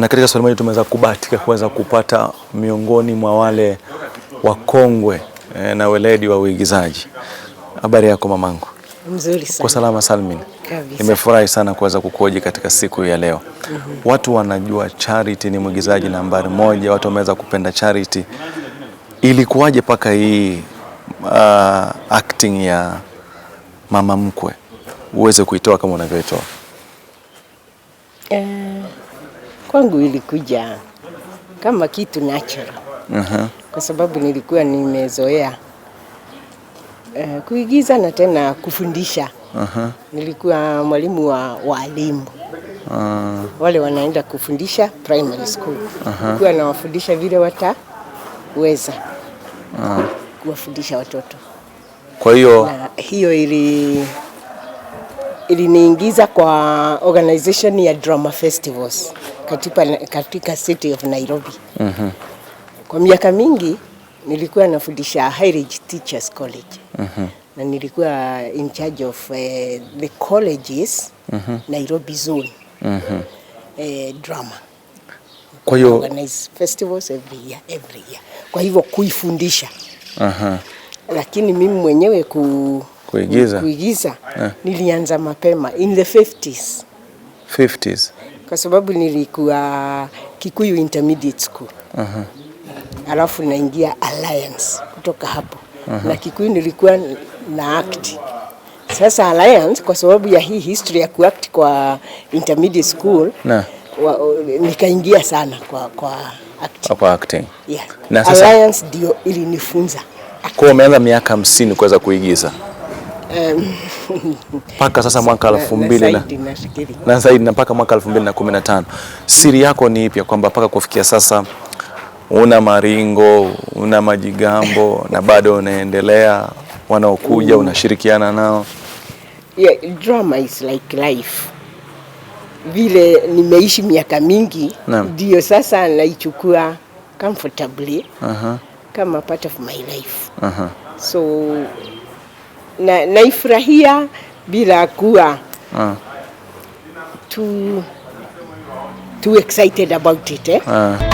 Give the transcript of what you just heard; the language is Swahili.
Na katika swali moja tumeweza kubahatika kuweza kupata miongoni mwa wale wakongwe eh, na weledi wa uigizaji. Habari yako mamangu? Mzuri sana. Kwa salama salmin. Nimefurahi sana kuweza kukuoji katika siku ya leo. mm -hmm. Watu wanajua Charity ni mwigizaji nambari moja, watu wameweza kupenda Charity. Ilikuwaje paka hii uh, acting ya mama mkwe uweze kuitoa kama unavyoitoa? kwangu ilikuja kama kitu natural uh-huh. Kwa sababu nilikuwa nimezoea uh, kuigiza na tena kufundisha uh-huh. Nilikuwa mwalimu wa walimu uh-huh. Wale wanaenda kufundisha primary school uh-huh. Nilikuwa nawafundisha vile wataweza uh-huh. Kuwafundisha watoto kwa hiyo hiyo ili iliniingiza kwa organization ya drama festivals katika, katika city of Nairobi. mm -hmm. Kwa miaka mingi nilikuwa nafundisha Highridge Teachers College. mm -hmm. na nilikuwa in charge of uh, the colleges mm -hmm. Nairobi zone mm -hmm. Uh, drama kwa hiyo organize festivals every year, every year. Kwa hivyo kuifundisha. uh -huh. Lakini mimi mwenyewe ku kuigiza, kuigiza. Yeah. Nilianza mapema in the 50s. 50s. Kwa sababu nilikuwa Kikuyu Intermediate School. uh -huh. Alafu naingia Alliance kutoka hapo uh -huh. na Kikuyu nilikuwa na act sasa Alliance kwa sababu ya hii history ya kuact kwa intermediate school nah. Nikaingia sana kwa, kwa acting. Kwa acting. Yeah. Na sasa Alliance ndio ilinifunza. Kwa umeanza miaka hamsini kuweza kuigiza mpaka sasa mwaka elfu mbili na, na zaidi na mpaka mwaka elfu mbili na kumi na tano. Siri yako ni ipi kwamba mpaka kufikia sasa una maringo una majigambo na bado unaendelea, wanaokuja mm. unashirikiana nao? Yeah, drama is like life. Vile nimeishi miaka mingi ndio sasa naichukua comfortably uh -huh. kama part of my life uh -huh. so na, naifurahia bila kuwa ah. too, too excited about it eh? ah.